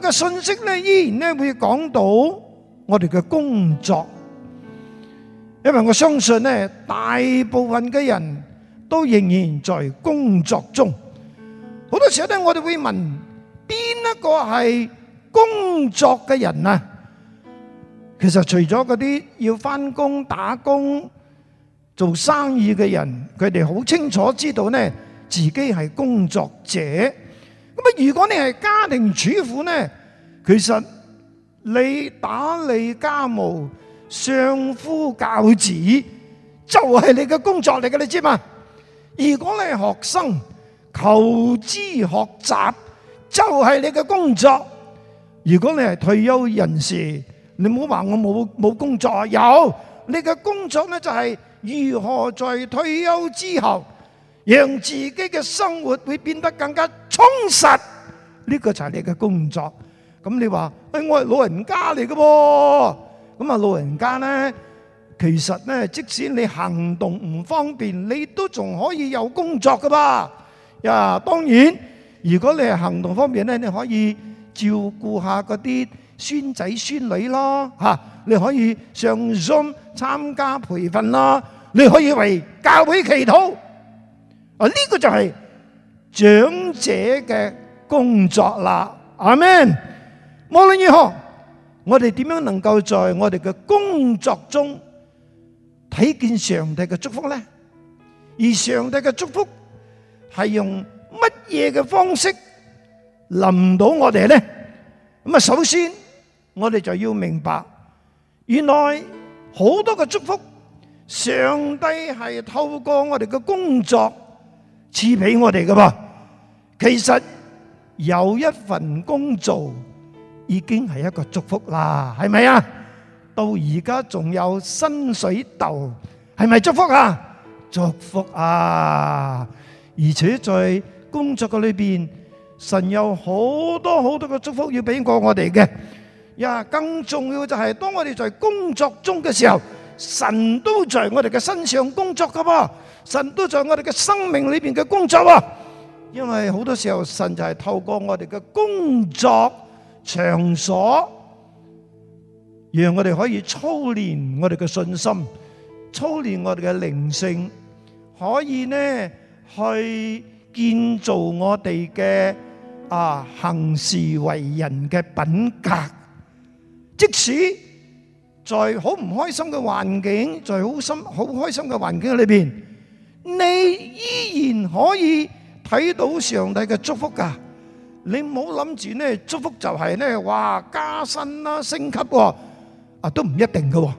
呢個信息呢，依然呢會講到我哋嘅工作，因為我相信呢，大部分嘅人都仍然在工作中。好多時候呢，我哋會問邊一個係工作嘅人啊？其實除咗嗰啲要返工、打工、做生意嘅人，佢哋好清楚知道呢，自己係工作者。如果你係家庭主婦呢，其實你打理家務、相夫教子就係、是、你嘅工作嚟嘅，你知嘛？如果你係學生求知學習，就係、是、你嘅工作。如果你係退休人士，你唔好話我冇冇工作啊！有你嘅工作呢，就係如何在退休之後。讓自己嘅生活會變得更加充實，呢個就係你嘅工作。咁你話，誒，我係老人家嚟嘅噃。咁啊，老人家呢，其實呢，即使你行動唔方便，你都仲可以有工作噶吧？呀，當然，如果你係行動方便呢，你可以照顧下嗰啲孫仔孫女咯，吓，你可以上 Zoom 參加培訓啦，你可以為教會祈禱。啊！呢個就係長者嘅工作啦，阿門。無論如何，我哋點樣能夠在我哋嘅工作中睇見上帝嘅祝福咧？而上帝嘅祝福係用乜嘢嘅方式臨到我哋咧？咁啊，首先我哋就要明白，原來好多嘅祝福，上帝係透過我哋嘅工作賜俾我哋噶噃，其實有一份工作已經係一個祝福啦，係咪啊？到而家仲有薪水豆，係咪祝福啊？祝福啊！而且在工作嘅裏邊，神有好多好多嘅祝福要俾過我哋嘅。呀，更重要就係當我哋在工作中嘅時候，神都在我哋嘅身上工作噶噃。神都在我哋嘅生命裏邊嘅工作啊！因為好多時候神就係透過我哋嘅工作場所，讓我哋可以操練我哋嘅信心，操練我哋嘅靈性，可以呢去建造我哋嘅啊行事為人嘅品格。即使在好唔開心嘅環境，在好心好開心嘅環境裏邊。你依然可以睇到上帝嘅祝福噶。你唔好諗住咧，祝福就係咧，哇加薪啦，升級喎啊，都唔一定嘅。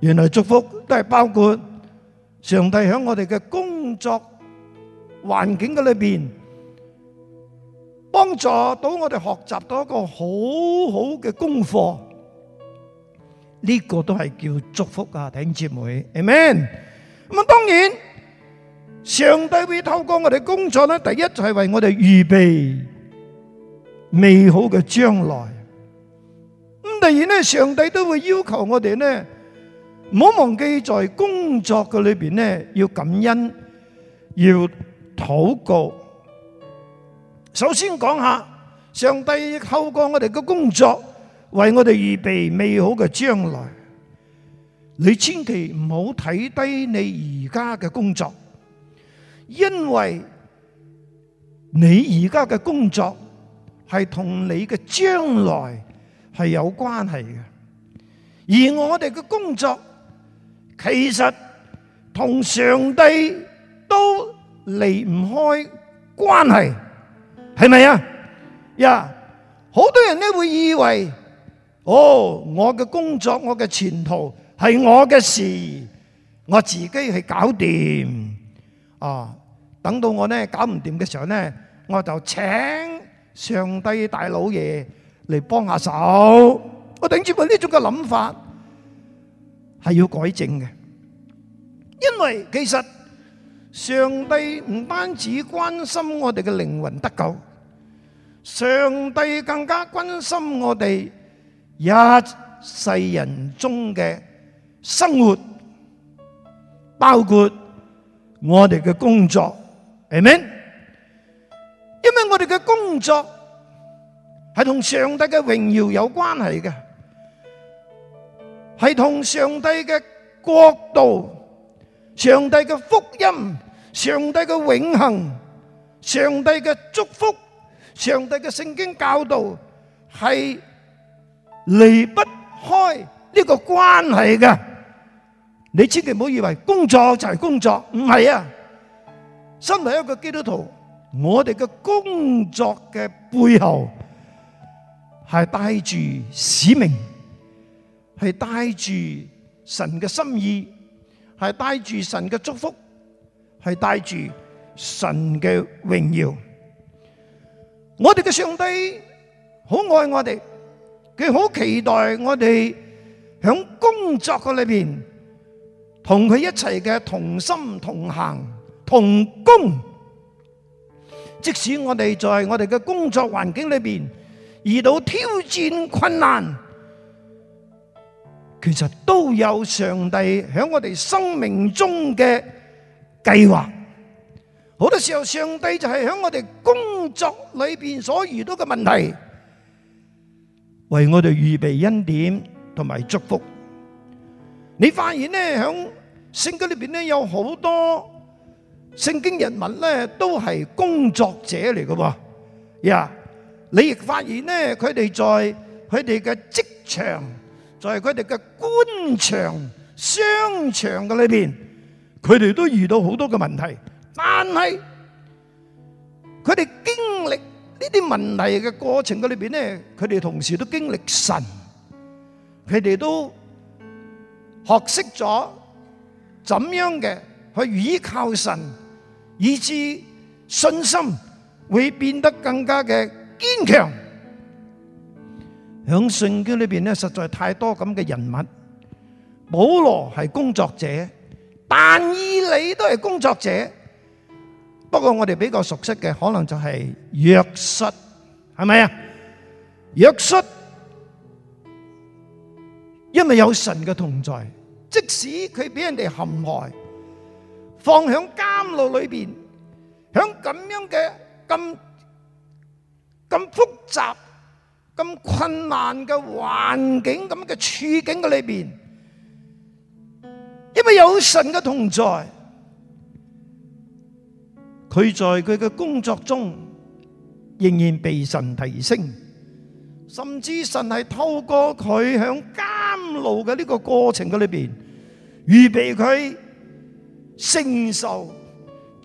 原來祝福都係包括上帝喺我哋嘅工作環境嘅裏邊，幫助到我哋學習到一個好好嘅功課。呢個都係叫祝福啊！弟兄姊妹，amen。咁啊，當然。上帝會透過我哋工作咧，第一就係為我哋預備美好嘅將來。咁第二咧，上帝都會要求我哋咧，唔好忘記在工作嘅裏邊咧，要感恩，要禱告。首先講下，上帝透過我哋嘅工作為我哋預備美好嘅將來。你千祈唔好睇低你而家嘅工作。因為你而家嘅工作係同你嘅將來係有關係嘅，而我哋嘅工作其實同上帝都離唔開關係，係咪啊？呀，好多人咧會以為，哦，我嘅工作、我嘅前途係我嘅事，我自己去搞掂啊。等到我呢搞唔掂嘅時候呢，我就請上帝大老爺嚟幫下手。我頂住佢，呢種嘅諗法係要改正嘅，因為其實上帝唔單止關心我哋嘅靈魂得救，上帝更加關心我哋一世人中嘅生活，包括我哋嘅工作。明唔明？因為我哋嘅工作係同上帝嘅榮耀有關係嘅，係同上帝嘅國度、上帝嘅福音、上帝嘅永恆、上帝嘅祝福、上帝嘅聖經教導係離不開呢個關係嘅。你千祈唔好以為工作就係工作，唔係啊！身為一個基督徒，我哋嘅工作嘅背後係帶住使命，係帶住神嘅心意，係帶住神嘅祝福，係帶住神嘅榮耀。我哋嘅上帝好愛我哋，佢好期待我哋響工作嘅裏邊同佢一齊嘅同心同行。同工，即使我哋在我哋嘅工作環境裏邊遇到挑戰困難，其實都有上帝響我哋生命中嘅計劃。好多時候，上帝就係響我哋工作裏邊所遇到嘅問題，為我哋預備恩典同埋祝福。你發現呢，響聖經裏邊呢有好多。聖經人物咧都係工作者嚟㗎。呀，你亦發現咧，佢哋在佢哋嘅職場、在佢哋嘅官場、商場嘅裏邊，佢哋都遇到好多嘅問題。但係佢哋經歷呢啲問題嘅過程嘅裏邊咧，佢哋同時都經歷神，佢哋都學識咗怎樣嘅去倚靠神。以至信心，會變得更加嘅堅強。喺聖經裏面呢，實在太多咁嘅人物。保羅係工作者，但以理都係工作者。不過，我哋比較熟悉嘅可能就係約瑟。係咪啊？約瑟！因為有神嘅同在，即使佢畀人哋陷害，放喺監牢裏邊，喺咁樣嘅咁咁複雜、咁困難嘅環境、咁嘅處境嘅裏邊，因為有神嘅同在，佢在佢嘅工作中仍然被神提升，甚至神係透過佢喺監牢嘅呢個過程嘅裏邊預備佢。承受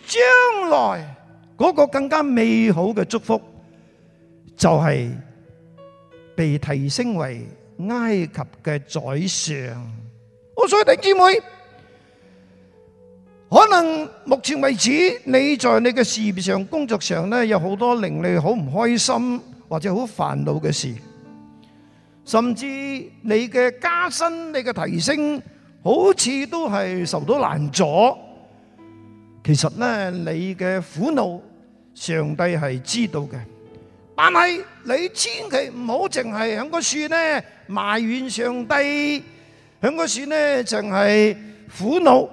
將來嗰個更加美好嘅祝福，就係被提升為埃及嘅宰相。我所以弟兄姊妹，可能目前為止你在你嘅事業上、工作上呢，有好多令你好唔開心或者好煩惱嘅事，甚至你嘅加薪、你嘅提升，好似都係受到難阻。其實咧，你嘅苦惱，上帝係知道嘅。但係你千祈唔好淨係響個樹咧埋怨上帝，響個樹咧淨係苦惱。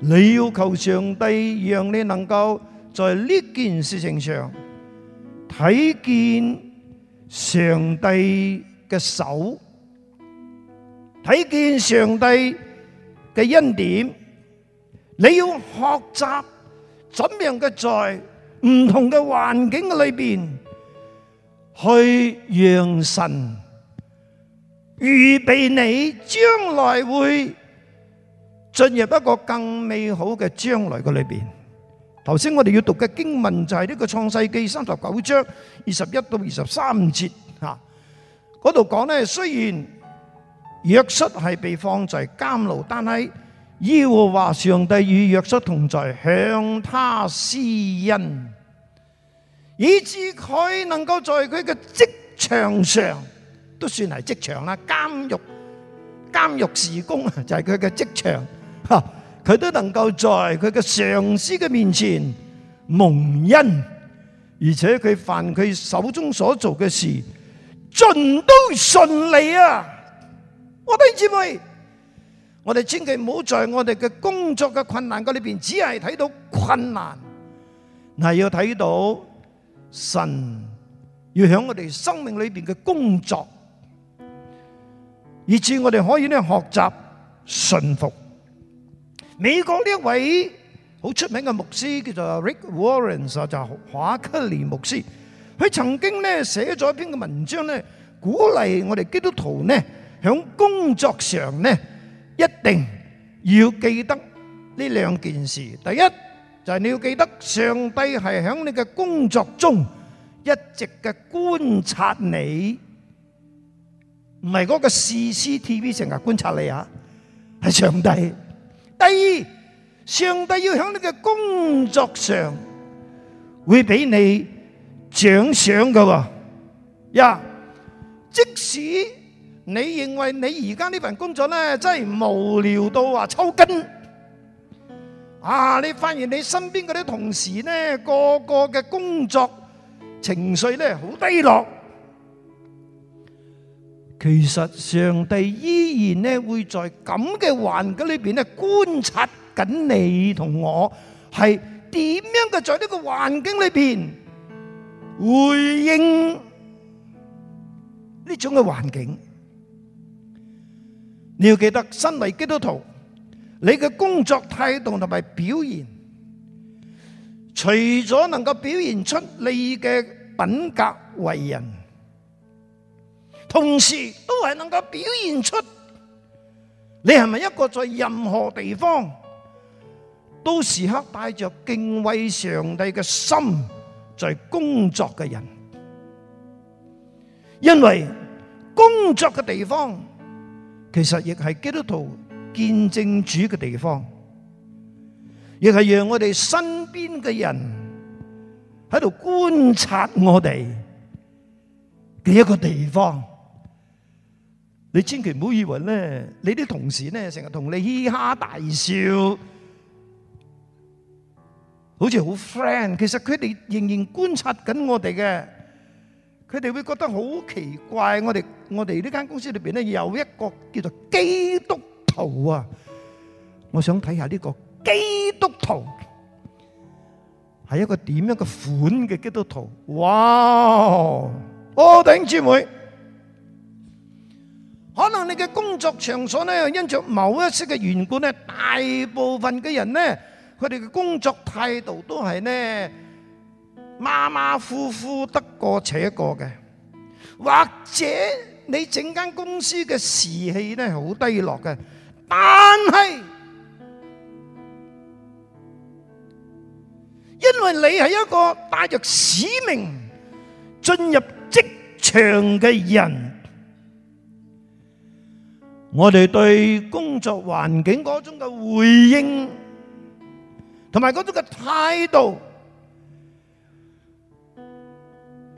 你要求上帝，讓你能夠在呢件事情上睇見上帝嘅手，睇見上帝嘅恩典。你要學習怎樣嘅在唔同嘅環境嘅裏邊去讓神預備你將來會進入一個更美好嘅將來嘅裏邊。頭先我哋要讀嘅經文就係呢個創世記三十九章二十一到二十三節啊，嗰度講咧，雖然約瑟係被放在監牢，但係。要話上帝與約瑟同在，向他施恩，以至佢能夠在佢嘅職場上，都算係職場啦。監獄、監獄事工就係佢嘅職場，佢都能夠在佢嘅上司嘅面前蒙恩，而且佢凡佢手中所做嘅事，盡都順利啊！我哋姊妹。我哋千祈唔好在我哋嘅工作嘅困難嘅裏邊，只係睇到困難，係要睇到神要響我哋生命裏邊嘅工作，以致我哋可以咧學習順服。美國呢一位好出名嘅牧師叫做 Rick Warren 啊，就係華克利牧師，佢曾經咧寫咗一篇嘅文章咧，鼓勵我哋基督徒咧響工作上咧。一定要記得呢兩件事。第一就係你要記得，上帝係喺你嘅工作中一直嘅觀察你，唔係嗰個 CCTV 成日觀察你啊，係上帝。第二，上帝要喺你嘅工作上會俾你獎賞㗎喎。呀，即使，你認為你而家呢份工作呢，真係無聊到話抽筋啊！你發現你身邊嗰啲同事呢，個個嘅工作情緒呢，好低落。其實上帝依然呢，會在咁嘅環境裏邊呢，觀察緊你同我係點樣嘅，在呢個環境裏邊回應呢種嘅環境。要記得，身為基督徒，你嘅工作態度同埋表現，除咗能夠表現出你嘅品格為人，同時都係能夠表現出你係咪一個在任何地方都時刻帶着敬畏上帝嘅心在工作嘅人，因為工作嘅地方。其實亦係基督徒見證主嘅地方，亦係讓我哋身邊嘅人喺度觀察我哋嘅一個地方。你千祈唔好以為咧，你啲同事咧成日同你嘻哈大笑，好似好 friend，其實佢哋仍然觀察緊我哋嘅。佢哋會覺得好奇怪，我哋我哋呢間公司裏邊咧有一個叫做基督徒啊！我想睇下呢個基督徒係一個點樣嘅款嘅基督徒？哇、哦！弟兄姊妹。可能你嘅工作場所咧，因著某一式嘅緣故咧，大部分嘅人咧，佢哋嘅工作態度都係呢。馬馬虎虎，得過且過嘅，或者你整間公司嘅士氣咧好低落嘅，但係因為你係一個帶着使命進入職場嘅人，我哋對工作環境嗰種嘅回應，同埋嗰種嘅態度。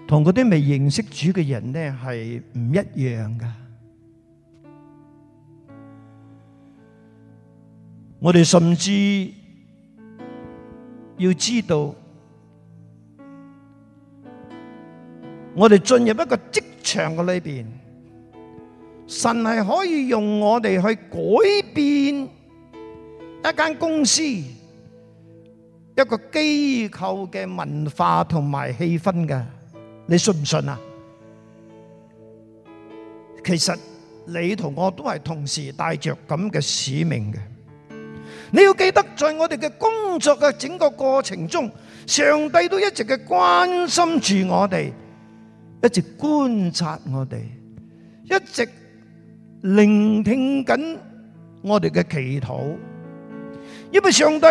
同嗰啲未認識主嘅人咧，係唔一樣噶。我哋甚至要知道，我哋進入一個職場嘅裏邊，神係可以用我哋去改變一間公司、一個機構嘅文化同埋氣氛噶。你信唔信啊？其實你同我都係同時帶著噉嘅使命嘅，你要記得，在我哋嘅工作嘅整個過程中，上帝都一直嘅關心住我哋，一直觀察我哋，一直聆聽緊我哋嘅祈禱，因為上帝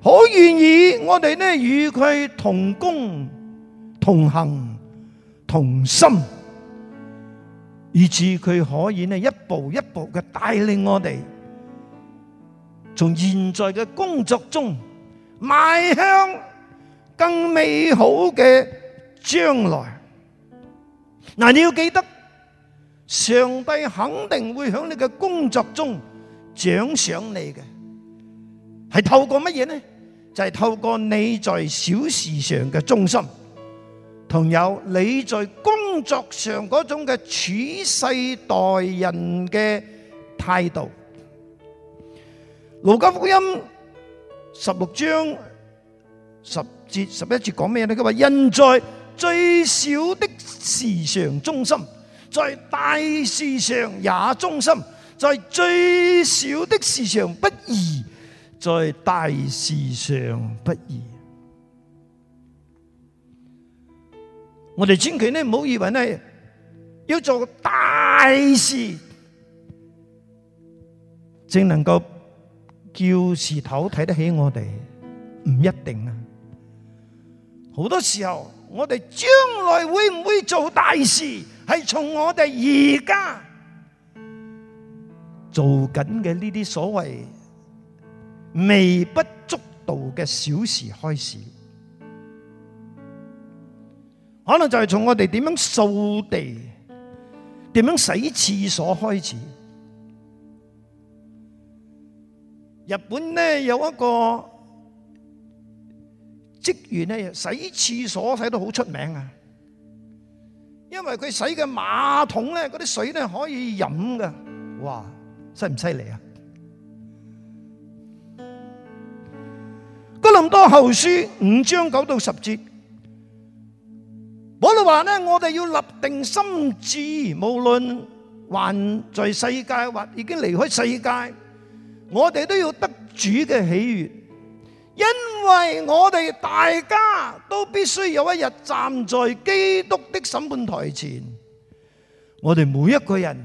好願意我哋呢與佢同工同行同心，以至佢可以呢一步一步嘅帶領我哋，從現在嘅工作中邁向更美好嘅將來。嗱，你要記得，上帝肯定會響你嘅工作中獎賞你嘅，係透過乜嘢呢？就係、是、透過你在小事上嘅忠心。朋友，你在工作上嗰種嘅處世待人嘅態度，《路加福音》十六章十節十一節講咩咧？佢話，人在最小的事上忠心，在大事上也忠心；在最小的事上不義，在大事上不義。我哋千祈唔好以為要做大事，正能夠叫事頭睇得起我哋，唔一定啊！好多時候，我哋將來會唔會做大事，係從我哋而家做緊嘅呢啲所謂微不足道嘅小事開始。可能就係從我哋點樣掃地、點樣洗廁所開始。日本咧有一個職員咧洗廁所洗到好出名啊！因為佢洗嘅馬桶咧嗰啲水咧可以飲噶，哇，犀唔犀利啊！哥林多後書五章九到十節。我哋話呢，我哋要立定心志，無論還在世界或已經離開世界，我哋都要得主嘅喜悅，因為我哋大家都必須有一日站在基督的審判台前，我哋每一個人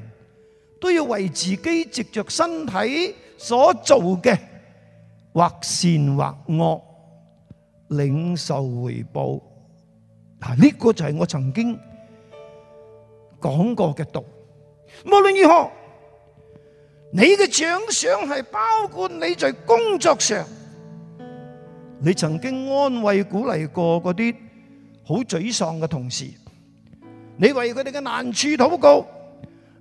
都要為自己藉着身體所做嘅或善或惡，領受回報。嗱，呢個就係我曾經講過嘅毒。無論如何，你嘅獎賞係包括你在工作上，你曾經安慰鼓勵過嗰啲好沮喪嘅同事，你為佢哋嘅難處禱告，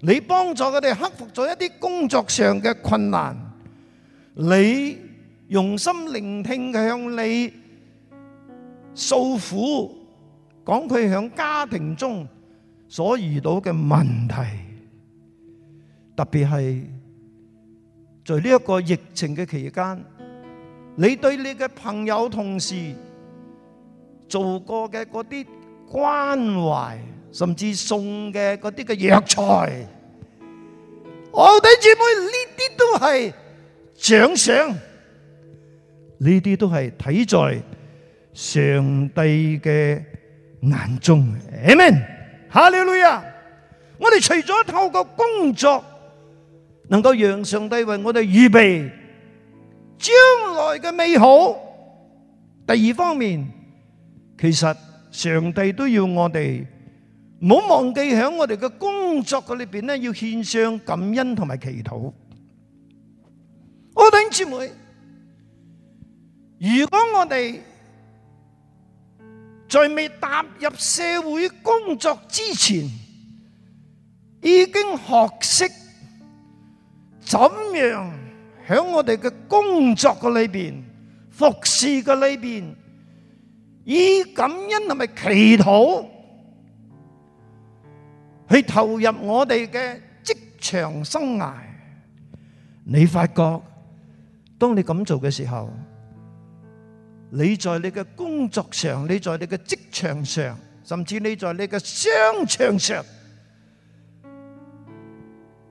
你幫助佢哋克服咗一啲工作上嘅困難，你用心聆聽向你訴苦。講佢響家庭中所遇到嘅問題，特別係在呢一個疫情嘅期間，你對你嘅朋友同事做過嘅嗰啲關懷，甚至送嘅嗰啲嘅藥材，我哋姊妹呢啲都係獎賞，呢啲都係睇在上帝嘅眼中，Amen。哈利路亞，我哋除咗透過工作能夠讓上帝為我哋預備將來嘅美好。第二方面，其實上帝都要我哋唔好忘記響我哋嘅工作嘅裏邊咧，要獻上感恩同埋祈禱。我哋姊妹，如果我哋。在未踏入社會工作之前，已經學識怎樣喺我哋嘅工作嘅裏邊、服侍嘅裏邊，以感恩同埋祈禱去投入我哋嘅職場生涯。你發覺，當你咁做嘅時候。你在你嘅工作上，你在你嘅職場上，甚至你在你嘅商場上，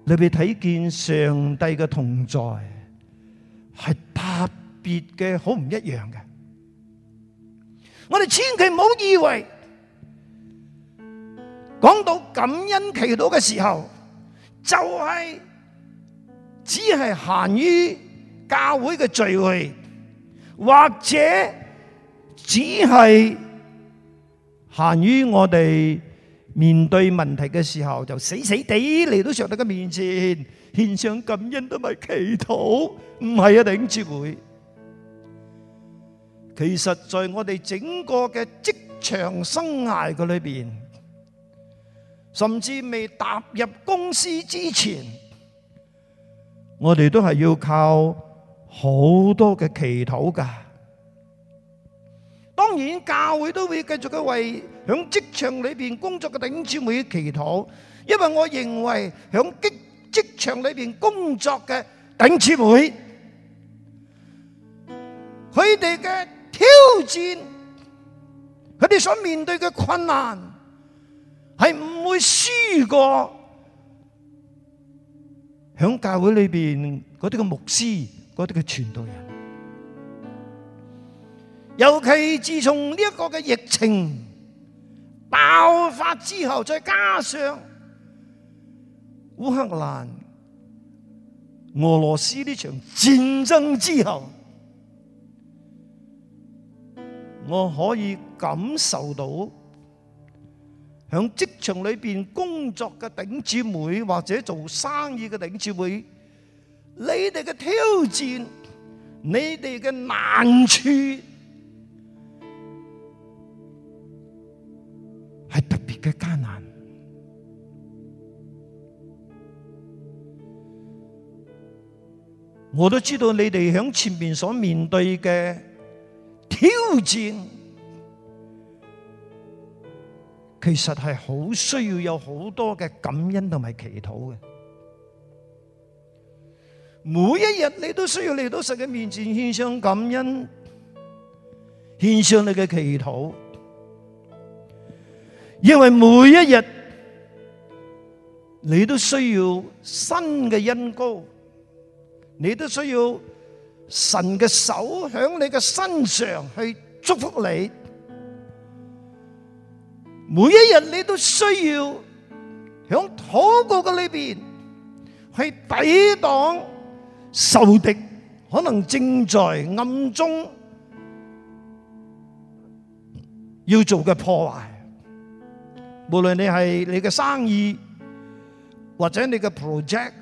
你哋睇見上帝嘅同在，係特別嘅，好唔一樣嘅。我哋千祈唔好以為講到感恩祈禱嘅時候，就係只係限於教會嘅聚會。或者只係限於我哋面對問題嘅時候，就死死地嚟到上帝嘅面前獻上感恩同埋祈禱，唔係啊，頂住佢。其實在我哋整個嘅職場生涯嘅裏邊，甚至未踏入公司之前，我哋都係要靠。好多嘅祈禱㗎，當然教會都會繼續去為響職場裏邊工作嘅頂尖會祈禱，因為我認為響職職場裏邊工作嘅頂尖會，佢哋嘅挑戰，佢哋所面對嘅困難係唔會輸過響教會裏邊嗰啲嘅牧師，嗰啲嘅傳道人，尤其自從呢一個嘅疫情爆發之後，再加上烏克蘭、俄羅斯呢場戰爭之後，我可以感受到喺職場裏邊工作嘅頂姊妹，或者做生意嘅頂姊妹。你哋嘅挑戰，你哋嘅難處，係特別嘅艱難。我都知道你哋響前面所面對嘅挑戰，其實係好需要有好多嘅感恩同埋祈禱嘅。每一日你都需要嚟到神嘅面前獻上感恩，獻上你嘅祈禱，因為每一日你都需要新嘅恩膏，你都需要神嘅手響你嘅身上去祝福你。每一日你都需要響禱告嘅裏邊去抵擋。仇敵可能正在暗中要做嘅破壞，無論你係你嘅生意或者你嘅 project，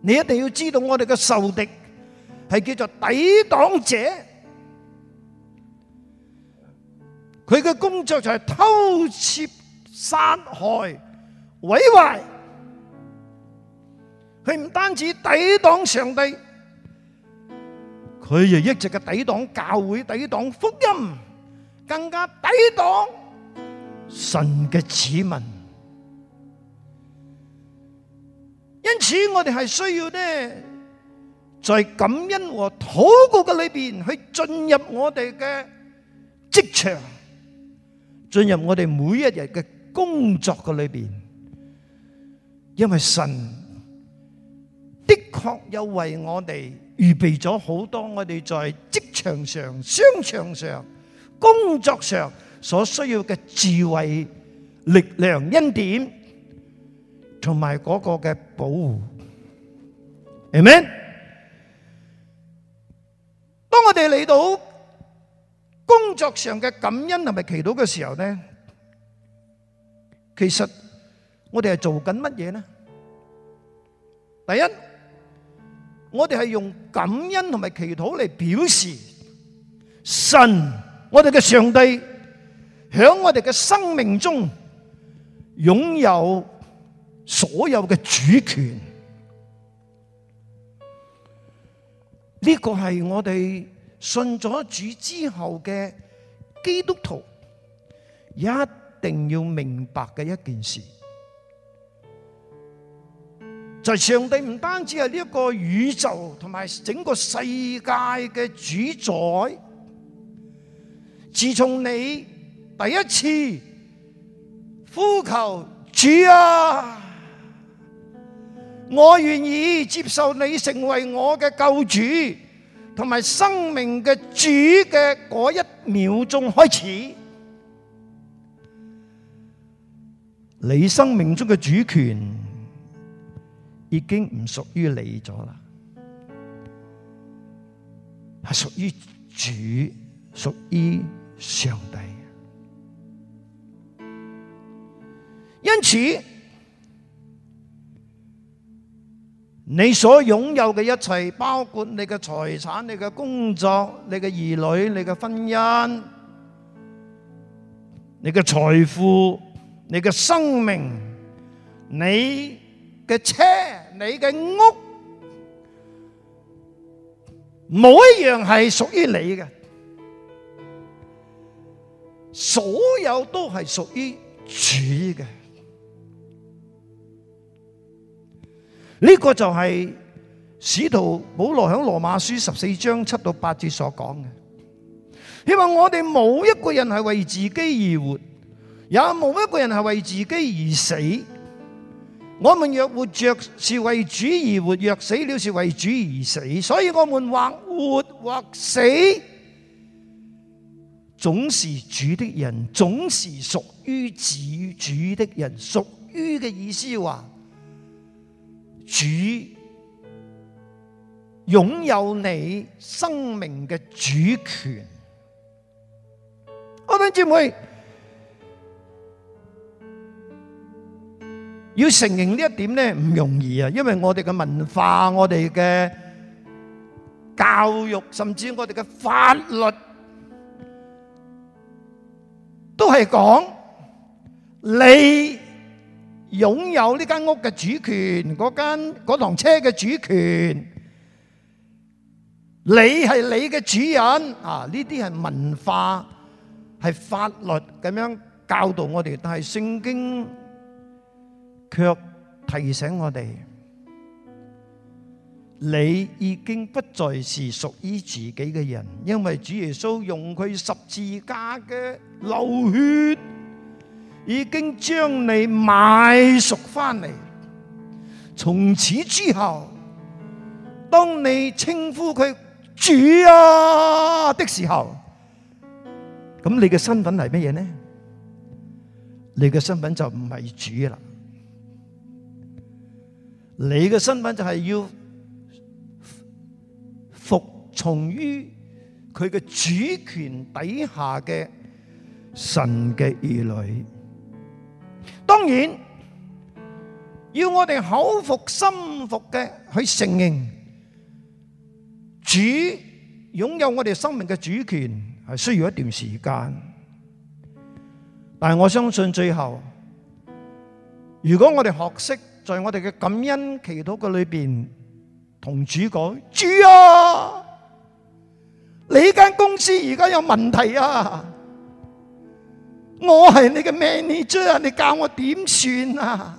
你一定要知道我哋嘅仇敵係叫做抵擋者，佢嘅工作就係偷竊、殺害、毀壞。佢唔單止抵擋上帝，佢亦一直嘅抵擋教會、抵擋福音，更加抵擋神嘅子民。因此，我哋係需要呢，在感恩和禱告嘅裏邊去進入我哋嘅職場，進入我哋每一日嘅工作嘅裏邊，因為神。的確有為我哋預備咗好多我哋在職場上、商場上、工作上所需要嘅智慧、力量、恩典，同埋嗰個嘅保護。Amen，當我哋嚟到工作上嘅感恩同埋祈禱嘅時候咧，其實我哋係做緊乜嘢呢？第一。我哋係用感恩同埋祈禱嚟表示神，我哋嘅上帝響我哋嘅生命中擁有所有嘅主權。呢個係我哋信咗主之後嘅基督徒一定要明白嘅一件事。就係上帝唔單止係呢一個宇宙同埋整個世界嘅主宰，自從你第一次呼求主啊！我願意接受你成為我嘅救主同埋生命嘅主嘅嗰一秒鐘開始，你生命中嘅主權已經唔屬於你咗啦，係屬於主，屬於上帝。因此，你所擁有嘅一切，包括你嘅財產、你嘅工作、你嘅兒女、你嘅婚姻、你嘅財富、你嘅生命、你嘅車。你嘅屋，冇一樣係屬於你嘅，所有都係屬於主嘅。呢、這個就係使徒保羅喺羅馬書十四章七到八節所講嘅。希望我哋冇一個人係為自己而活，也冇一個人係為自己而死。我們若活着是為主而活，若死了是為主而死。所以我們或活或死，總是主的人，總是屬於主，主的人。屬於嘅意思話，主擁有你生命嘅主權。我哋姊妹。要承認呢一點咧，唔容易啊，因為我哋嘅文化、我哋嘅教育，甚至我哋嘅法律，都係講你擁有呢間屋嘅主權，嗰間嗰趟車嘅主權，你係你嘅主人啊！呢啲係文化，係法律咁樣教導我哋，但係聖經。卻提醒我哋：你已經不再是屬於自己嘅人，因為主耶穌用佢十字架嘅流血，已經將你買贖翻嚟。從此之後，當你稱呼佢主啊的時候，咁你嘅身份係乜嘢呢？你嘅身份就唔係主啦。你嘅身份就係要服從於佢嘅主權底下嘅神嘅兒女，當然要我哋口服心服嘅去承認主擁有我哋生命嘅主權係需要一段時間，但係我相信最後，如果我哋學識。在我哋嘅感恩祈禱嘅裏邊，同主講：主啊，你間公司而家有問題啊！我係你嘅 manager 啊，你教我點算啊？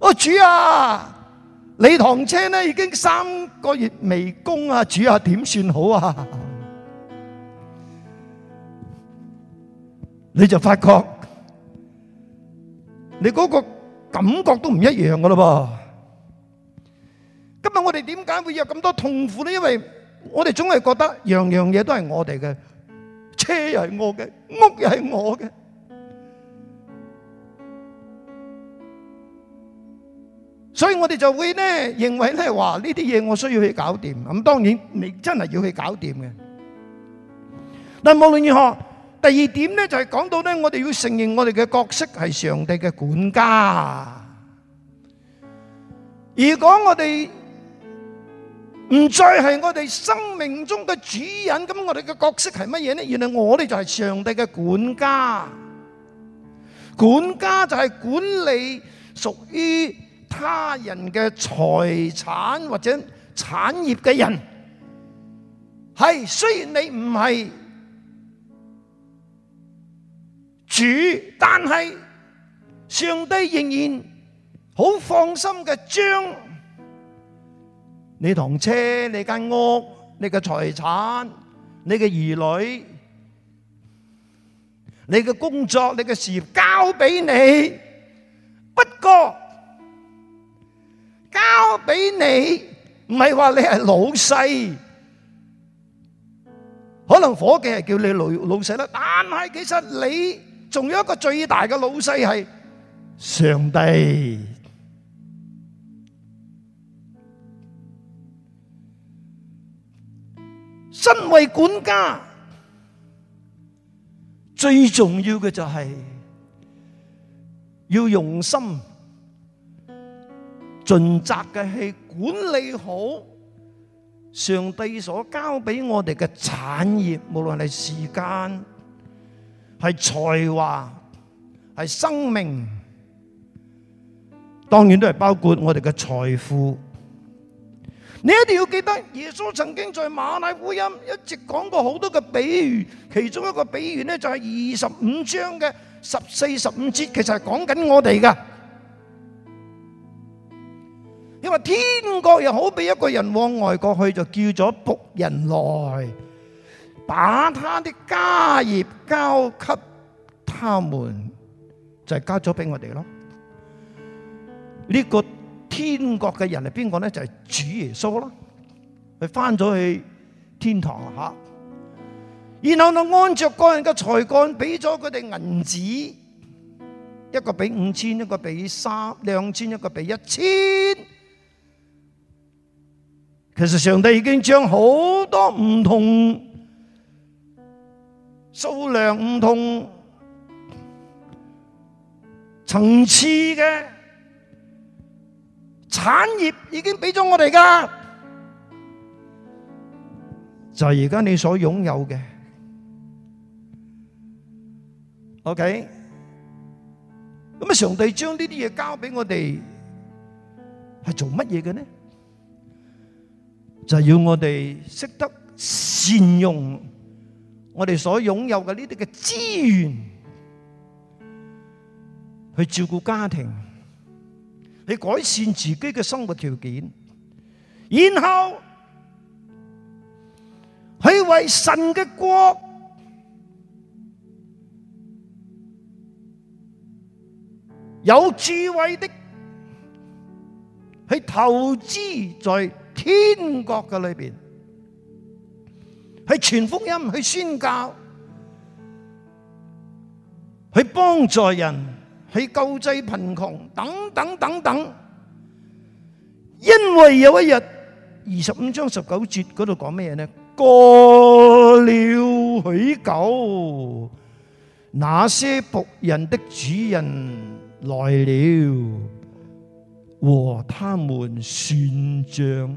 哦主啊，你堂車呢已經三個月未供啊，主啊，點算好啊？你就發覺你嗰個。感覺都唔一樣噶啦噃，今日我哋點解會有咁多痛苦咧？因為我哋總係覺得樣樣嘢都係我哋嘅，車又係我嘅，屋又係我嘅，所以我哋就會咧認為咧話呢啲嘢我需要去搞掂。咁當然你真係要去搞掂嘅。但無論如何。第二點咧就係講到咧，我哋要承認我哋嘅角色係上帝嘅管家。如果我哋唔再係我哋生命中嘅主人，咁我哋嘅角色係乜嘢呢？原來我哋就係上帝嘅管家。管家就係管理屬於他人嘅財產或者產業嘅人。係，雖然你唔係。主，但係上帝仍然好放心嘅將你同車、你間屋、你嘅財產、你嘅兒女、你嘅工作、你嘅事業交俾你。不過交俾你唔係話你係老細，可能伙計係叫你老老細啦。但係其實你。仲有一個最大嘅老細係上帝，身為管家，最重要嘅就係要用心盡責嘅去管理好上帝所交俾我哋嘅產業，無論係時間。係才華，係生命，當然都係包括我哋嘅財富。你一定要記得，耶穌曾經在馬太福音一直講過好多嘅比喻，其中一個比喻呢，就係二十五章嘅十四十五節，其實係講緊我哋嘅。因為天國又好比一個人往外國去，就叫咗僕人來。把他的家業交給他們，就係交咗俾我哋咯。呢個天國嘅人係邊個咧？就係主耶穌咯，佢翻咗去天堂啦吓。然後就按着各人嘅才幹，俾咗佢哋銀子，一個俾五千，一個俾三兩千，一個俾一千。其實上帝已經將好多唔同。數量唔同層次嘅產業已經俾咗我哋噶，就係而家你所擁有嘅，OK。咁啊，上帝將呢啲嘢交俾我哋係做乜嘢嘅呢？就係要我哋識得善用。我哋所擁有嘅呢啲嘅資源，去照顧家庭，去改善自己嘅生活條件，然後去為神嘅國有智慧的去投資在天國嘅裏邊。去傳福音，去宣教，去幫助人，去救濟貧窮，等等等等。因為有一日，二十五章十九節嗰度講咩呢？過了許久，那些僕人的主人來了，和他們算賬。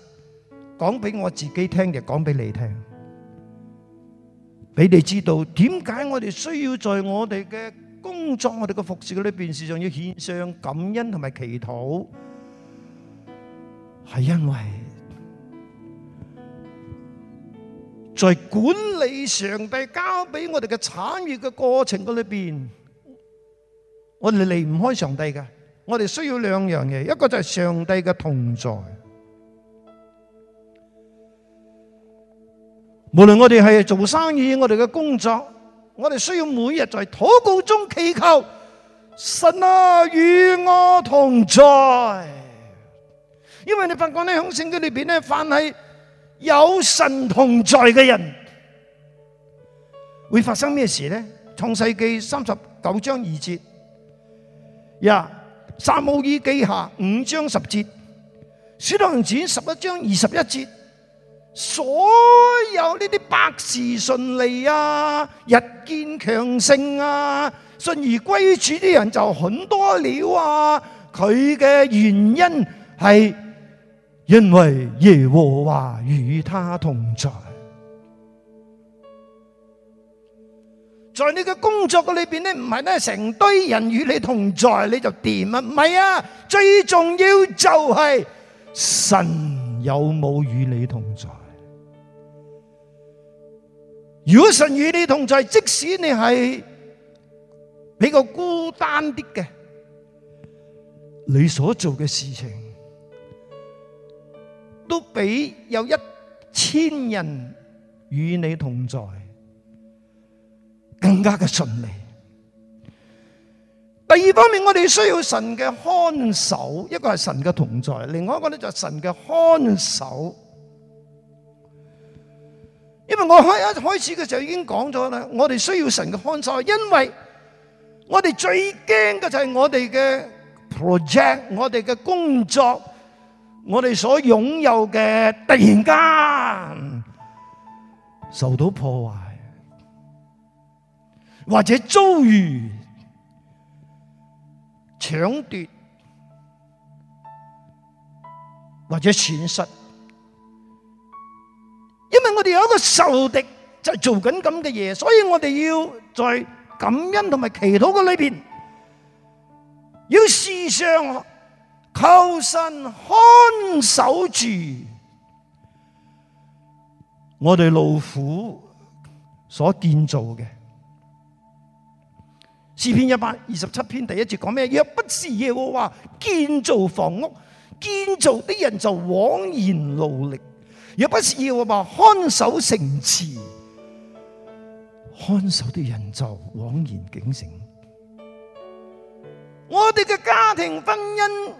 講俾我自己聽，亦講俾你聽，你哋知道點解我哋需要在我哋嘅工作、我哋嘅服侍嗰裏邊，事實上要獻上感恩同埋祈禱，係因為在管理上帝交俾我哋嘅產業嘅過程嗰裏邊，我哋離唔開上帝嘅。我哋需要兩樣嘢，一個就係上帝嘅同在。無論我哋係做生意，我哋嘅工作，我哋需要每日在禱告中祈求神啊與我同在。因為你發覺呢響聖經裏邊咧，凡係有神同在嘅人，會發生咩事咧？創世紀三十九章二節，呀撒母耳記下五章十節，使徒行傳十一章二十一節。所有呢啲百事順利啊，日見強盛啊，信而歸於主啲人就很多了啊！佢嘅原因係因為耶和華與他同在。在你嘅工作嘅裏邊呢，唔係呢成堆人與你同在你就掂啊，唔係啊！最重要就係神有冇與你同在？如果神與你同在，即使你係比較孤單啲嘅，你所做嘅事情都比有一千人與你同在更加嘅順利。第二方面，我哋需要神嘅看守，一個係神嘅同在，另外一個咧就係神嘅看守。我開一開始嘅時候已經講咗啦，我哋需要神嘅看守，因為我哋最驚嘅就係我哋嘅 project，我哋嘅工作，我哋所擁有嘅突然間受到破壞，或者遭遇搶奪，或者損失。我哋有一個仇敵就做緊咁嘅嘢，所以我哋要在感恩同埋祈禱嘅裏邊，要時常求神看守住我哋勞苦所建造嘅。詩篇一百二十七篇第一節講咩？若不是耶和華建造房屋，建造啲人就枉然勞力。若不是耶和華看守城池，看守的人就枉然警醒。我哋嘅家庭、婚姻、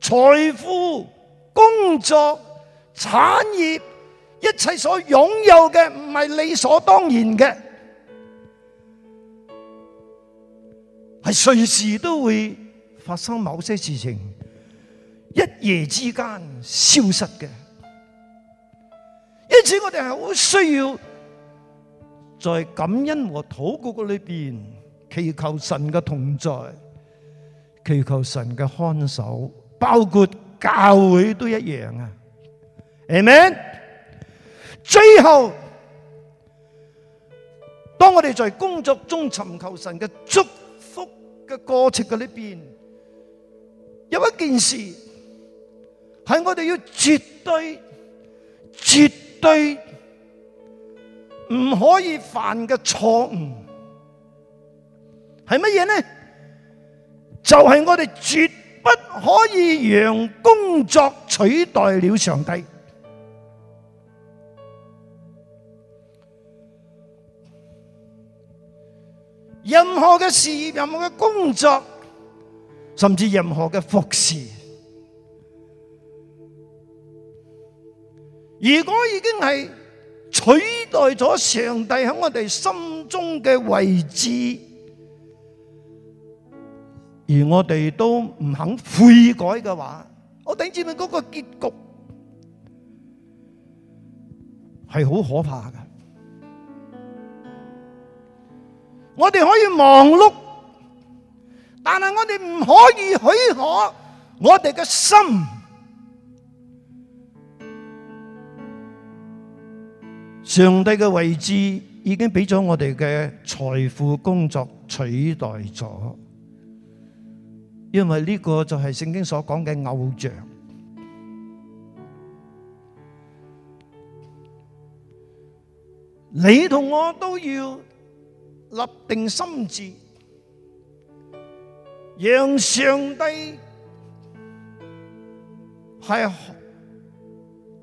財富、工作、產業，一切所擁有嘅唔係理所當然嘅，係隨時都會發生某些事情，一夜之間消失嘅。因此我哋係好需要在感恩和禱告嘅裏邊祈求神嘅同在，祈求神嘅看守，包括教會都一樣啊。Amen，最後當我哋在工作中尋求神嘅祝福嘅過程嘅裏邊，有一件事係我哋要絕對絕對唔可以犯嘅錯誤係乜嘢呢？就係、是、我哋絕不可以讓工作取代了上帝。任何嘅事業、任何嘅工作，甚至任何嘅服侍。如果已經係取代咗上帝喺我哋心中嘅位置，而我哋都唔肯悔改嘅話，我頂住你嗰個結局係好可怕㗎。我哋可以忙碌，但係我哋唔可以許可我哋嘅心。上帝嘅位置已經俾咗我哋嘅財富工作取代咗，因為呢個就係聖經所講嘅偶像。你同我都要立定心志，讓上帝係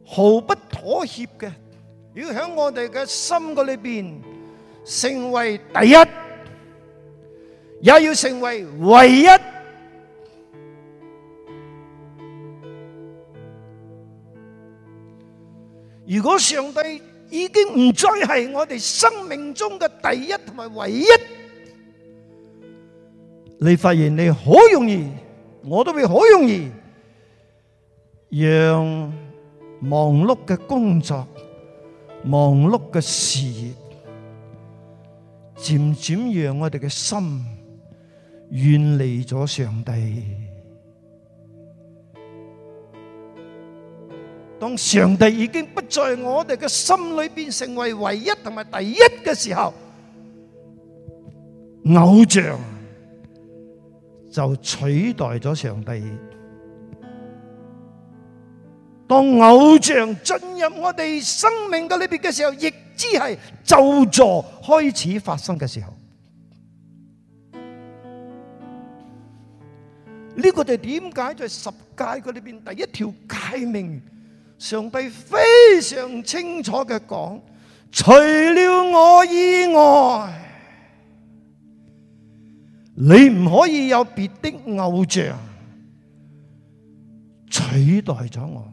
毫不妥協嘅。要喺我哋嘅心嗰裏邊成為第一，也要成為唯一。如果上帝已經唔再係我哋生命中嘅第一同埋唯一，你發現你好容易，我都會好容易，讓忙碌嘅工作。忙碌嘅事業，漸漸讓我哋嘅心遠離咗上帝。當上帝已經不在我哋嘅心裏邊成為唯一同埋第一嘅時候，偶像就取代咗上帝。當偶像進入我哋生命嘅裏邊嘅時候，亦之係咒詛開始發生嘅時候。呢個就點解？就係十誡嘅裏邊第一條誡命，上帝非常清楚嘅講：除了我以外，你唔可以有別的偶像取代咗我。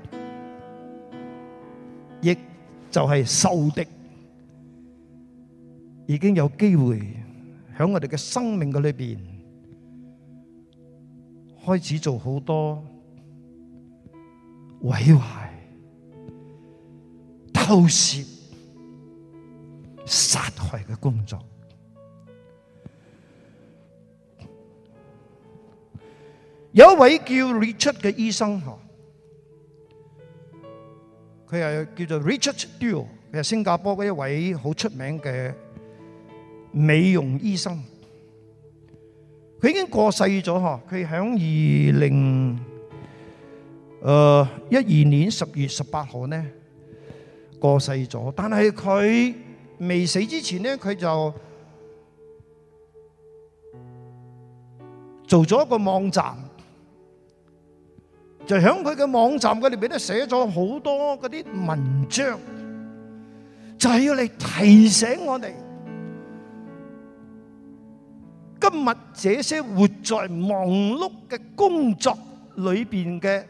就係受敵，已經有機會喺我哋嘅生命嘅裏邊開始做好多毀壞、偷竊、殺害嘅工作。有一位叫 Richard 嘅醫生嗬。佢係叫做 Richard Doo，佢係新加坡嗰一位好出名嘅美容醫生。佢已經過世咗呵，佢喺二零誒一二年十月十八號呢過世咗。但係佢未死之前呢，佢就做咗一個網站。就喺佢嘅網站，裏邊都寫咗好多嗰啲文章，就係要嚟提醒我哋，今日這些活在忙碌嘅工作裏邊嘅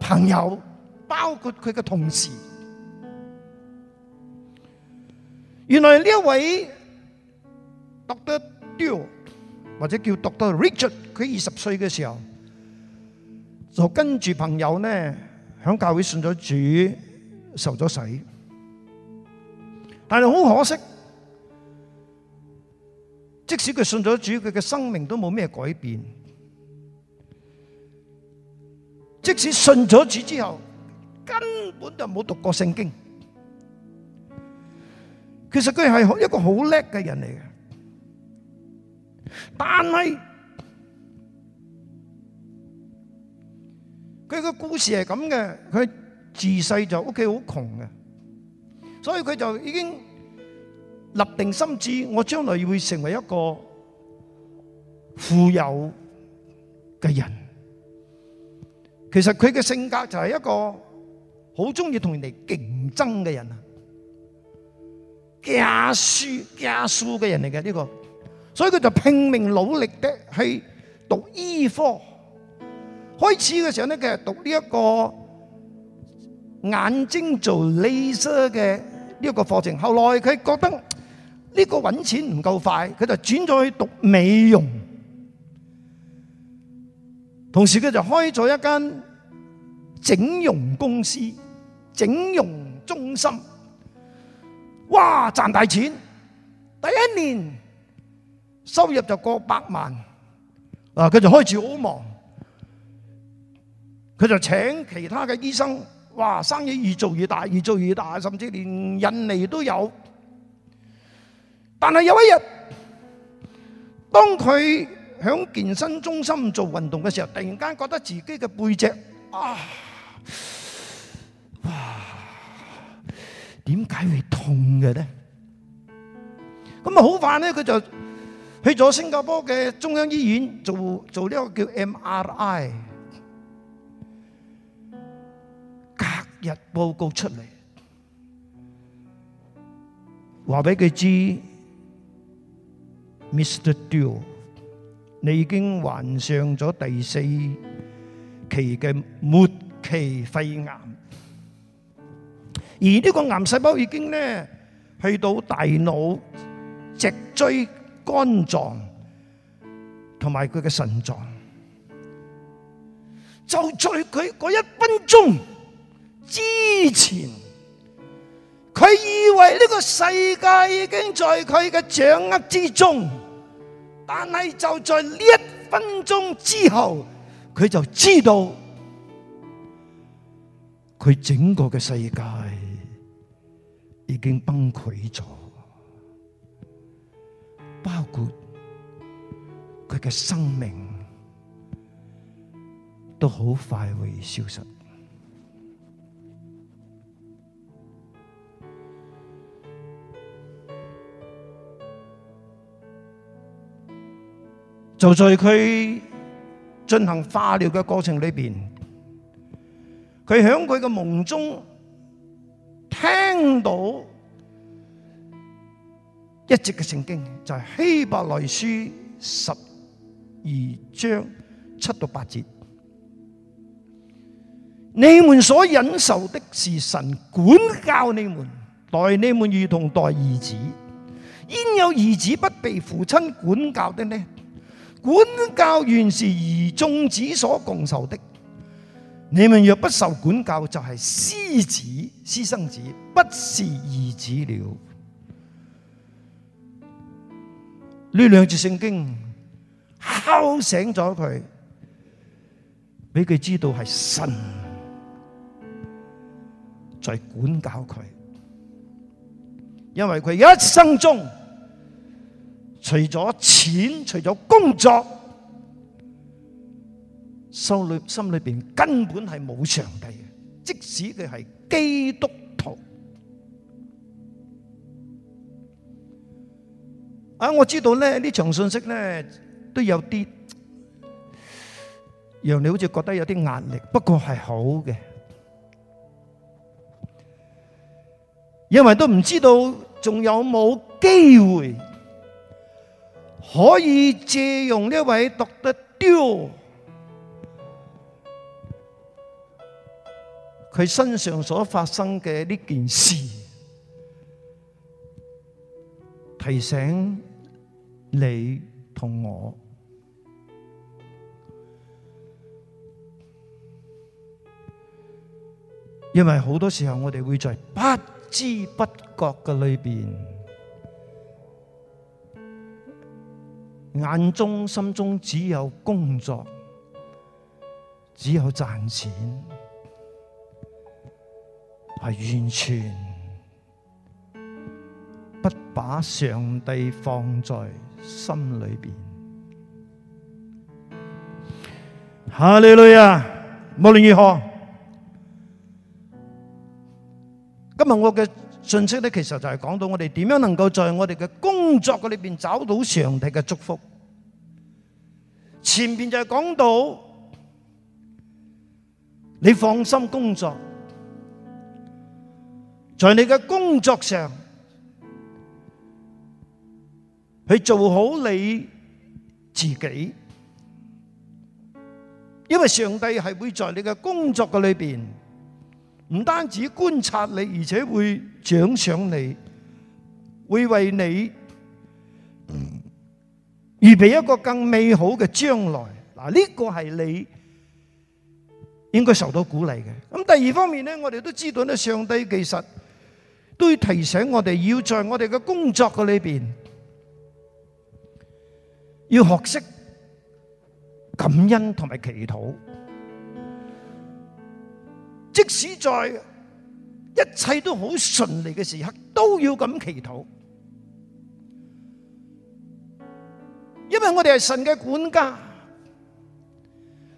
朋友，包括佢嘅同事。原來呢一位 Doctor Doo 或者叫 Doctor Richard，佢二十歲嘅時候。就跟住朋友呢，響教會信咗主，受咗洗。但係好可惜，即使佢信咗主，佢嘅生命都冇咩改變。即使信咗主之後，根本就冇讀過聖經。其實佢係一個好叻嘅人嚟嘅，但係。佢嘅故事係咁嘅，佢自細就屋企好窮嘅，所以佢就已經立定心志，我將來會成為一個富有嘅人。其實佢嘅性格就係一個好中意同人哋競爭嘅人啊，加書加書嘅人嚟嘅呢個，所以佢就拼命努力地去讀醫科。開始嘅時候咧，佢係讀呢一個眼睛做 laser 嘅呢一個課程。後來佢覺得呢個搵錢唔夠快，佢就轉咗去讀美容，同時佢就開咗一間整容公司，整容中心。哇！賺大錢，第一年收入就過百萬。嗱，佢就開始好忙。佢就請其他嘅醫生，哇！生意越做越大，越做越大，甚至連印尼都有。但係有一日，當佢喺健身中心做運動嘅時候，突然間覺得自己嘅背脊啊，哇！點解會痛嘅咧？咁啊，好快咧，佢就去咗新加坡嘅中央醫院做做呢個叫 MRI。日報告出嚟，話俾佢知，Mr. Do，你已經患上咗第四期嘅末期肺癌，而呢個癌細胞已經咧去到大腦、脊椎、肝臟，同埋佢嘅腎臟，就在佢嗰一分鐘。之前，佢以為呢個世界已經在佢嘅掌握之中，但係就在呢一分鐘之後，佢就知道佢整個嘅世界已經崩潰咗，包括佢嘅生命都好快會消失。就在佢進行化療嘅過程裏邊，佢喺佢嘅夢中聽到一節嘅聖經，就係希伯來書十二章七到八節：你們所忍受的是神管教你們，待你們如同待兒子，焉有兒子不被父親管教的呢？管教原是眾子所共受的，你們若不受管教，就係、是、私子、私生子，不是兒子了。呢兩句聖經敲醒咗佢，俾佢知道係神在管教佢，因為佢一生中。除咗錢，除咗工作，心裏心裏邊根本係冇上帝嘅。即使佢係基督徒，啊，我知道咧呢場信息咧都有啲，讓你好似覺得有啲壓力。不過係好嘅，因為都唔知道仲有冇機會。可以借用呢位讀得丟，佢身上所發生嘅呢件事，提醒你同我。因為好多時候我哋會在不知不覺嘅裏邊。眼中心中只有工作，只有賺錢，係完全不把上帝放在心裏邊。哈利路亞，無論如何，今日我嘅。信息咧，其實就係講到我哋點樣能夠在我哋嘅工作嘅裏邊找到上帝嘅祝福。前邊就係講到你放心工作，在你嘅工作上去做好你自己，因為上帝係會在你嘅工作嘅裏邊。唔單止觀察你，而且會獎賞你，會為你預備一個更美好嘅將來。嗱，呢個係你應該受到鼓勵嘅。咁第二方面咧，我哋都知道咧，上帝其實都要提醒我哋，要在我哋嘅工作嘅裏邊，要學識感恩同埋祈禱。即使在一切都很順利的時刻，都要咁祈禱。因為我哋是神的管家，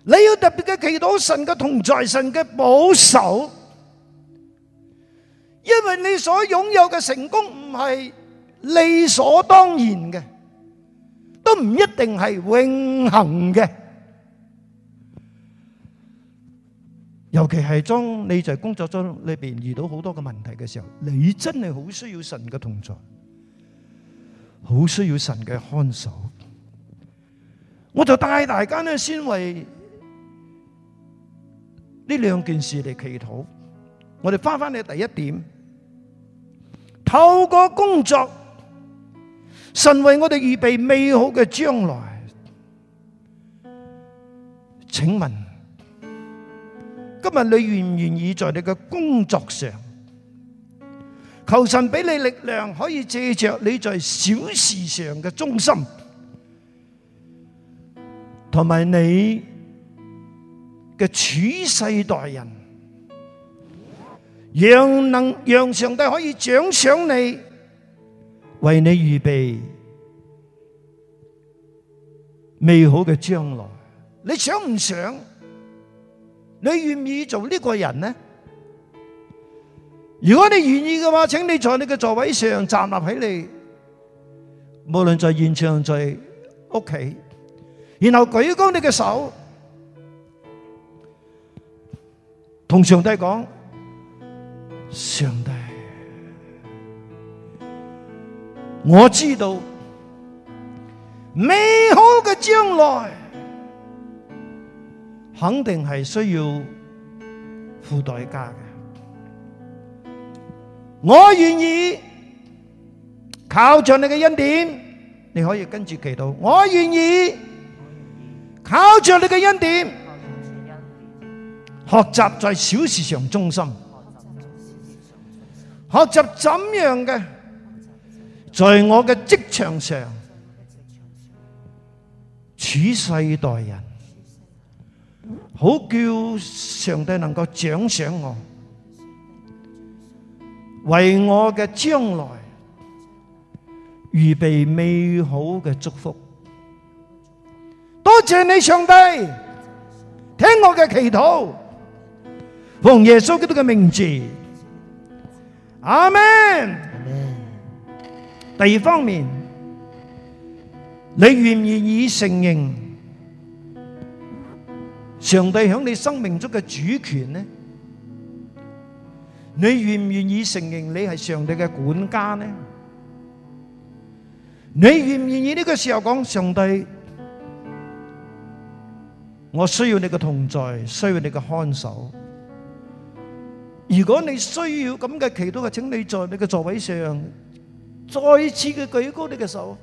你要特別的祈禱神的同在，神的保守。因為你所擁有的成功唔係理所當然嘅，都唔一定是永恒的。尤其係當你在工作中裏邊遇到好多嘅問題嘅時候，你真係好需要神嘅同在，好需要神嘅看守。我就帶大家呢先為呢兩件事嚟祈禱。我哋翻翻嚟第一點，透過工作，神為我哋預備美好嘅將來。請問？今日你願唔願意在你嘅工作上，求神俾你力量，可以借着你在小事上嘅忠心，同埋你嘅處世待人，讓能讓上帝可以獎賞你，為你預備美好嘅將來。你想唔想？你願唔願意做呢個人呢？如果你願意嘅話，請你在你嘅座位上站立起嚟，無論在現場、在屋企，然後舉高你嘅手，同上帝講：「上帝，我知道美好嘅將來。」肯定係需要付代價嘅。我願意靠着你嘅恩典，你可以跟住祈禱。我願意靠着你嘅恩典，學習在小事上忠心，學習怎樣嘅，在我嘅職場上處世待人。好叫上帝能夠獎賞我，為我嘅將來，預備美好嘅祝福。多謝你，上帝，聽我嘅祈禱，奉耶穌基督嘅名字，阿門。第二方面，你願唔願意承認？上帝喺你生命中嘅主權呢？你願唔願意承認你係上帝嘅管家呢？你願唔願意呢個時候講上帝，我需要你嘅同在，需要你嘅看守。如果你需要咁嘅祈禱嘅，請你在你嘅座位上再次嘅舉高你嘅手，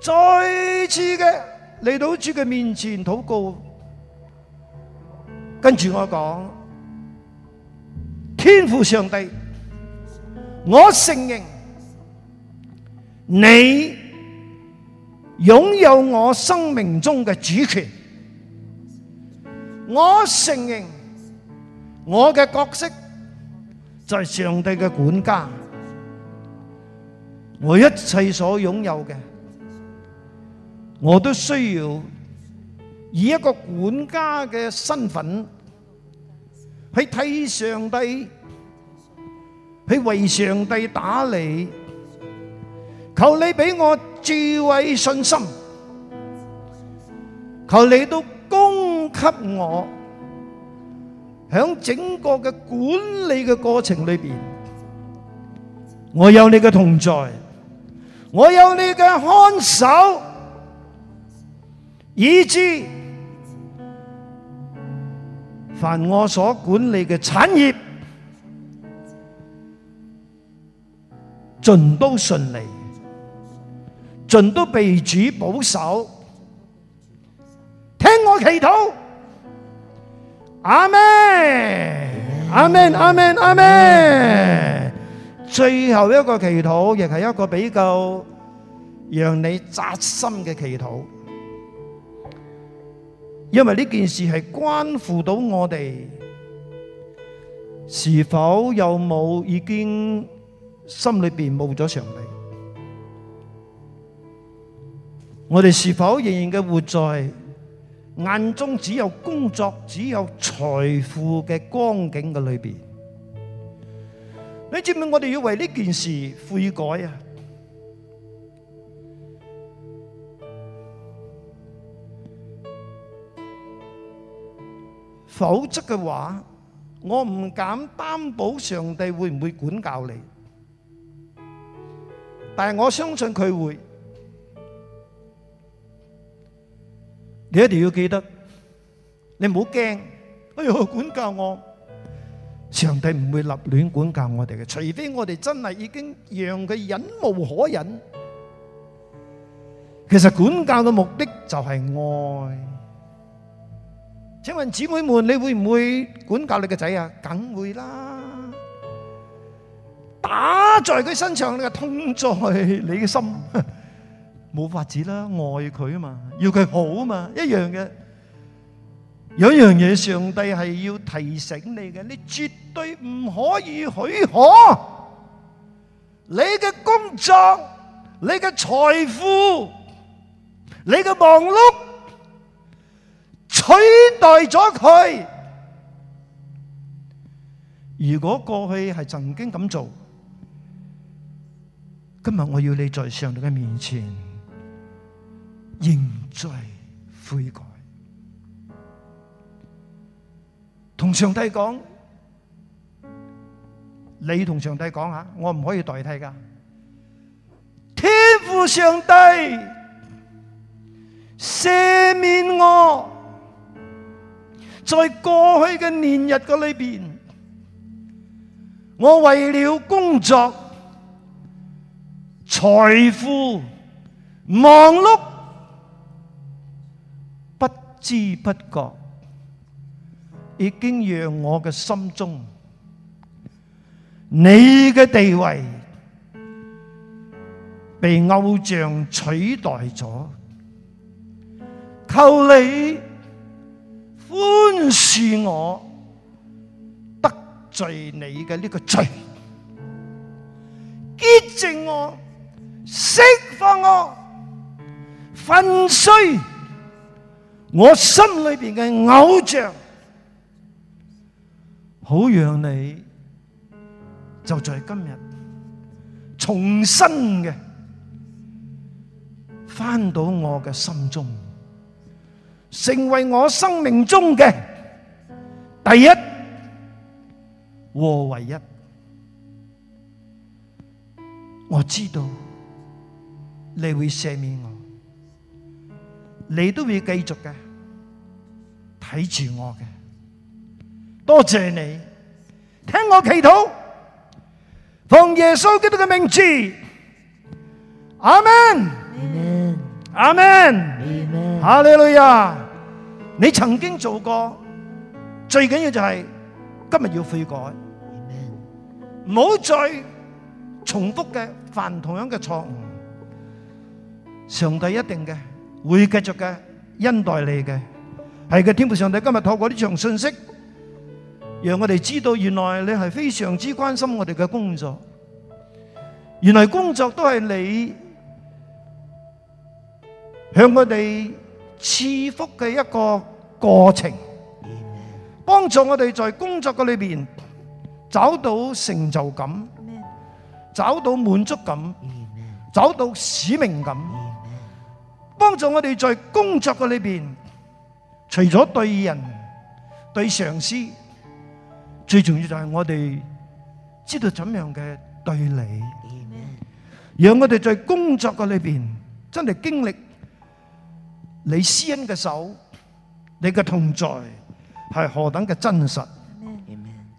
再次嘅嚟到主嘅面前禱告。跟住我講，天父上帝，我承認你擁有我生命中嘅主權。我承認我嘅角色就係上帝嘅管家。我一切所擁有嘅，我都需要以一個管家嘅身份。去替上帝，去為上帝打理，求你俾我智慧信心，求你都供給我，響整個嘅管理嘅過程裏邊，我有你嘅同在，我有你嘅看守，以致。凡我所管理嘅產業，盡都順利，盡都被主保守，聽我祈禱。阿門，阿門阿門，阿門。最後一個祈禱亦係一個比較讓你扎心嘅祈禱。因為呢件事係關乎到我哋是否有冇已經心裏邊冇咗常備，我哋是否仍然嘅活在眼中只有工作、只有財富嘅光景嘅裏邊？你知唔知我哋要為呢件事悔改啊？否則嘅話，我唔敢擔保上帝會唔會管教你。但係我相信佢會，你一定要記得，你唔好驚。哎喲，管教我，上帝唔會立亂管教我哋嘅，除非我哋真係已經讓佢忍無可忍。其實管教嘅目的就係愛。請問姊妹們，你會唔會管教你嘅仔啊？梗會啦，打在佢身上，你嘅痛在你嘅心，冇法子啦，愛佢啊嘛，要佢好啊嘛，一樣嘅。有一樣嘢，上帝係要提醒你嘅，你絕對唔可以許可你嘅工作、你嘅財富、你嘅忙碌。取代咗佢。如果過去係曾經咁做，今日我要你在上帝嘅面前認罪悔改，同上帝講，你同上帝講下，我唔可以代替㗎。天父上帝赦免我。在過去嘅年日裏裏，我為了工作、財富、忙碌，不知不覺已經讓我嘅心中，你嘅地位被偶像取代咗。求你。寬恕我得罪你嘅呢個罪，潔淨我，釋放我，粉碎我心裏面嘅偶像，好讓你就在今日重新嘅返到我嘅心中，成為我生命中嘅第一和唯一。我知道你會赦免我，你都會繼續嘅睇住我嘅。多謝你，聽我祈禱，奉耶穌基督嘅名字，阿門，阿門，哈利路亞。。你曾經做過，最緊要就係今日要悔改，唔好再重複嘅犯同樣嘅錯誤。上帝一定嘅，會繼續嘅，恩待你嘅，係嘅。天父上帝今日透過呢場信息，讓我哋知道原來你係非常之關心我哋嘅工作，原來工作都係你向我哋賜福嘅一個過程，幫助我哋在工作嘅裏邊找到成就感，找到滿足感，找到使命感，幫助我哋在工作嘅裏邊，除咗對人、對上司，最重要就係我哋知道怎樣嘅對你，讓我哋在工作嘅裏邊真係經歷。你施恩嘅手，你嘅同在係何等嘅真實，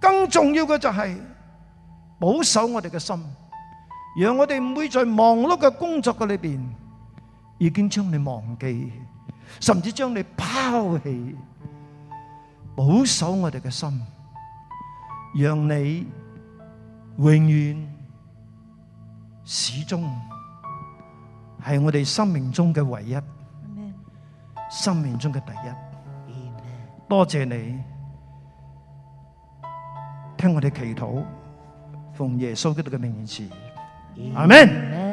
更重要嘅就係保守我哋嘅心，讓我哋唔會在忙碌嘅工作嘅裏邊已經將你忘記，甚至將你拋棄。保守我哋嘅心，讓你永遠始終係我哋生命中嘅唯一。生命中嘅第一，Amen。多謝你聽我哋祈禱，奉耶穌基督嘅名而至，阿門。